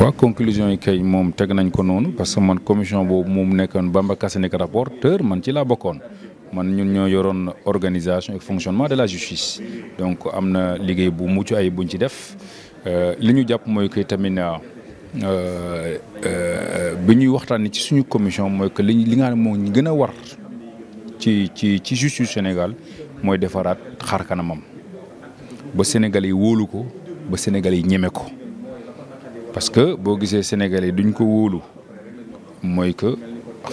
waaw conclusion yi kay moom teg nañ ko noonu parce que man commission boobu moom nekkoon Bamba Kassé nekk rapporteur man ci laa bokkoon man ñun ñoo yoroon organisation et fonctionnement de la justice donc am na liggéey bu mucc ay buñ ci def euh, li ñu jàpp mooy que tamit euh, euh, bi ñuy waxtaanee ci suñu commission mooy que li li moo ñu gën a war ci ci ci justice Sénégal mooy defaraat xar kanamam ba Sénégal yi wóolu ko ba Sénégal yi ñeme ko. parce que boo gisee sénégali yi duñ ko wóolu mooy que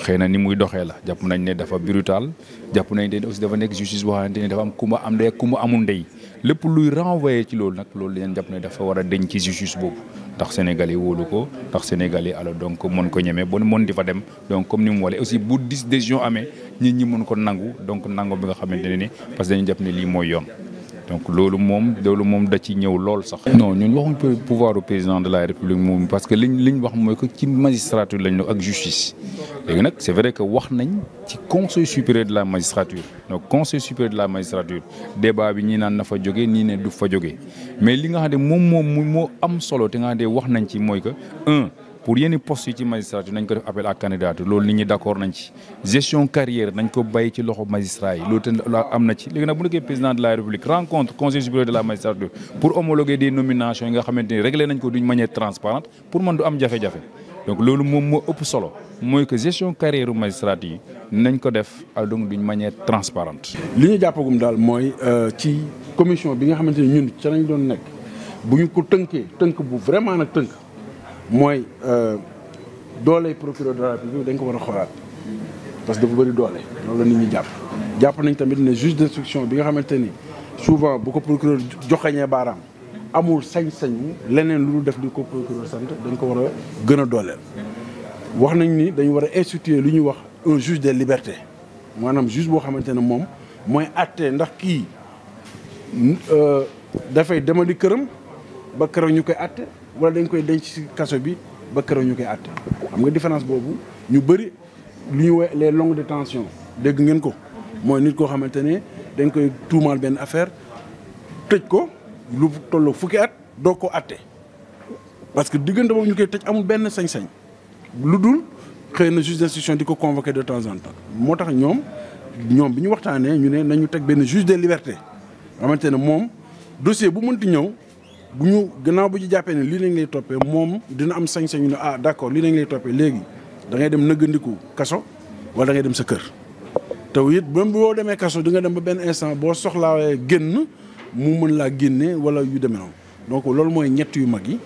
xëy na ni muy doxee la jàpp nañ ne dafa brutal jàpp nañ ne aussi dafa nekk justice boo xamante ne dafa am kumba am ndey ak kumba amul ndey lépp luy renvoyer ci loolu nag loolu dañu jàpp ne dafa war a deñ ci justice boobu ndax Sénégalais yi wóolu ko ndax Sénégalais yi alors donc mën ko ñemee bon mën di fa dem donc comme ni mu wale aussi bu dis décision amee nit ñi mën ko nangu donc nangu bi nga xamante ne ni parce que dañu jàpp ne lii mooy yoon. donc loolu moom loolu moom da ci ñëw lool sax. non ñun waxuñ pouvoir du président de la république moom parce que liñ liñ wax mooy que ci magistrature lañ nekk ak justice léegi nag c'est vrai que wax nañ ci conseil supérieur de la magistrature donc conseil supérieur de la magistrature débat bi ñii naan na fa jógee nii ne du fa jógee mais li nga xam ne moom moom moo am solo te nga xam ne wax nañ ci mooy que un. pour yenn poste yi ci magistrature nañ ko def appel à candidature loolu nit ñi nañ ci gestion carrière nañ ko bàyyi ci loxo magistrat yi loolu tamit am na ci léegi nag bu nekkee président de la république rencontre conseil supérieur de la magistrature pour homologuer des nominations yi nga xamante ni réglé nañ ko d'une manière transparente pour man du am jafe-jafe donc loolu moom moo ëpp solo mooy que gestion carrière magistrat yi nañ ko def li ñu daal mooy euh, ci commission bi nga xamante ni ñun ca lañ ko tënkee tënk bu vraiment nag tënk. mooy euh, dooley procureur de la République dañ ko war a xoolaat parce que dafa bëri doole loolu la nit ñi jàpp. jàpp nañ tamit ne juge d'instruction bi nga xamante ni souvent bu ko procureur joxañee baaraam amul sañ-sañu leneen lu dul def di ko procureur sant dañ ko war a gën a dooleel. wax nañ ni dañu war a instituer lu ñuy wax un juge des libertés maanaam juge boo xamante ne moom mooy àtte ndax kii euh, dafay demali këram. ba keroog ñu koy àtte wala dañ koy denc ci kaso bi ba keroog ñu koy àtte xam nga différence boobu ñu bëri lu ñu woowee les longues détentions dégg ngeen ko mooy nit koo xamante ne dañ koy tuumaal benn affaire tëj ko lu tolloo fukki at doo ko àtte parce que diggante boobu ñu koy tëj amul benn sañ-sañ lu dul xëy na juge d'instruction di ko convoqué de temps en temps moo tax ñoom ñoom bi ñu waxtaanee ñu ne nañu teg benn juge des libertés xamante ne moom dossier bu mënti ñëw bu ñu gannaaw bu ñu jàppee ne lii lañ lay toppee moom dina am sañ-sañu ne ah d'accord lii lañ lay toppee léegi dangay dem nëggandiku kaso wala da ngay dem sa kër. te it même boo demee kaso di nga dem ba benn instant boo soxlawee génn mu mën laa génne wala yu demee noonu donc loolu mooy ñett yu mag yi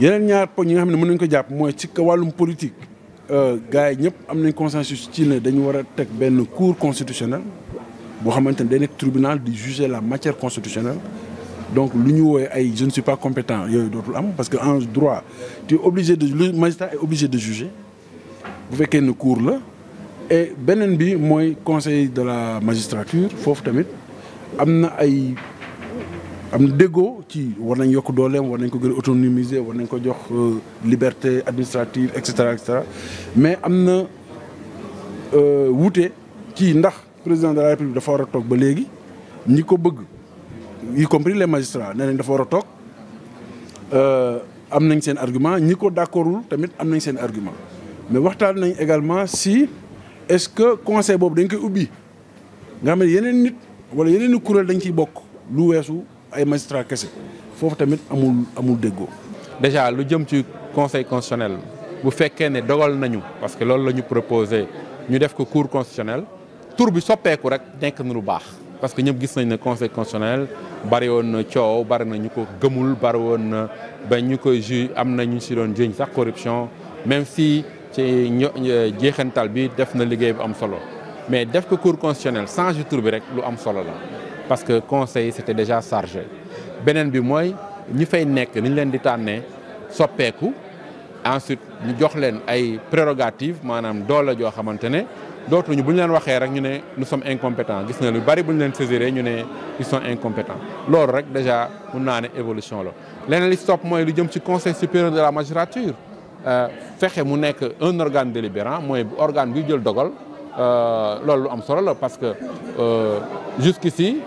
yeneen ñaar poñ ñi nga xam ne mën nañ ko jàpp mooy ci wàllum politique. Euh, gars yi ñëpp am nañ consensus ci ne dañu war a teg benn cour constitutionnelle boo xamante ne day tribunal di juger la matière constitutionnelle. donc lu ñu woowee ay je ne suis pas compétent yooyu dootul am parce que en droit tu es obligé de le magistrat est de juger bu fekkee ne cour la e beneen bi mooy conseil de la magistrature foofu tamit am na ay am na ci war nañ yokk dooleem war nañ ko gën a autonomiser war nañ ko jox euh, liberté administrative et cetera et mais am na euh, wuute ci ndax président de la république dafa war a toog ba léegi ñi ko bëgg. y compris les magistrats nee nañ dafa war a toog euh, am nañ seen argument ñi ko d'accordul tamit am nañ seen argument mais waxtaan nañ également si est-ce que conseil boobu dañ koy ubbi nga xam ne yeneen nit wala yeneen i kuréel dañ ciy bokk lu weesu ay magistrats kese foofu tamit amul amul déggoo. déjà lu jëm ci conseil constitutionnel bu fekkee ne dogal nañu parce que loolu la ñu proposé ñu def ko cour constitutionnel tur bi soppeeku rek nekk na lu baax. parce que ñëpp gis nañ ne conseil constitutionnel bari woon na coow bari na ñu ko gëmul bari woon na ba ñu koy ju am na ñu si doon jëñ sax corruption même si ci jeexantal bi def na liggéey bu am solo mais def ko cour constitutionnel change tur bi rek lu am solo la parce que conseil c'était déjà chargé beneen bi mooy ñu fay nekk ni leen di tànnee soppeeku ensuite ñu jox leen ay prérogatives maanaam doole joo xamante ne dootuñu bu ñu leen waxee rek ñu ne nu sommes incompétents gis na lu bari bu ñu leen saisiree ñu ne ils sont incompétents loolu rek déjà mun naa ne évolution la leneen li stop mooy lu jëm ci conseil supérieur de la magistrature euh, fexe mu nekk un organe délibérant mooy organe bi jël dogal euh, loolu lu am solo la parce que euh, jusqu'ici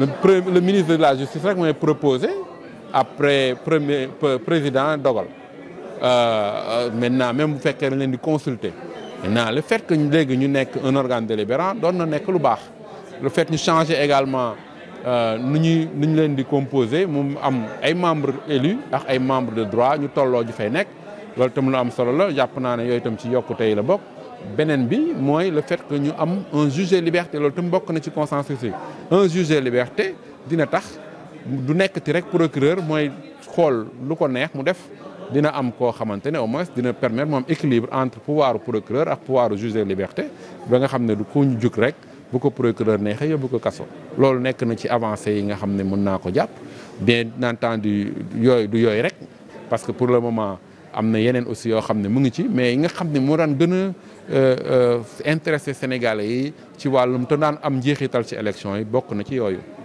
le ministre de la justice rek mooy proposé après premier président dogal maintenant même bu fekkee dañ leen di consulter maintenant le fait que léegi ñu nekk un organe délibérant doon na nekk lu baax le fait ñu changé également euh, nu ñuy nu ñu leen di composé mu am ay membre élus ak ay membres de droit ñu tolloo ju fay nekk loolu tam lu am solo la jàpp naa ne yooyu tam ci yokkute yi la bokk. beneen bi mooy le fait que ñu am un juge liberté loolu itam bokk na ci consensus yi un juge liberté dina tax du ti rek procureur mooy xool lu ko neex mu def. dina am koo xamante ne au moins dina permettre moom équilibre entre pouvoir procureur ak pouvoir juge des libertés ba nga xam ne du ku jug rek bu ko procureur neexee yóbbu ko kaso. loolu nekk na ci avancé yi nga xam ne mën naa ko jàpp bien entendu yooyu du yooyu rek parce que pour le moment am na yeneen aussi yoo xam ne mu ngi ci mais yi nga xam ne moo daan gën a euh, euh, intéressé sénégalais yi ci wàllum te naan am njeexital ci élection yi bokk na ci yooyu.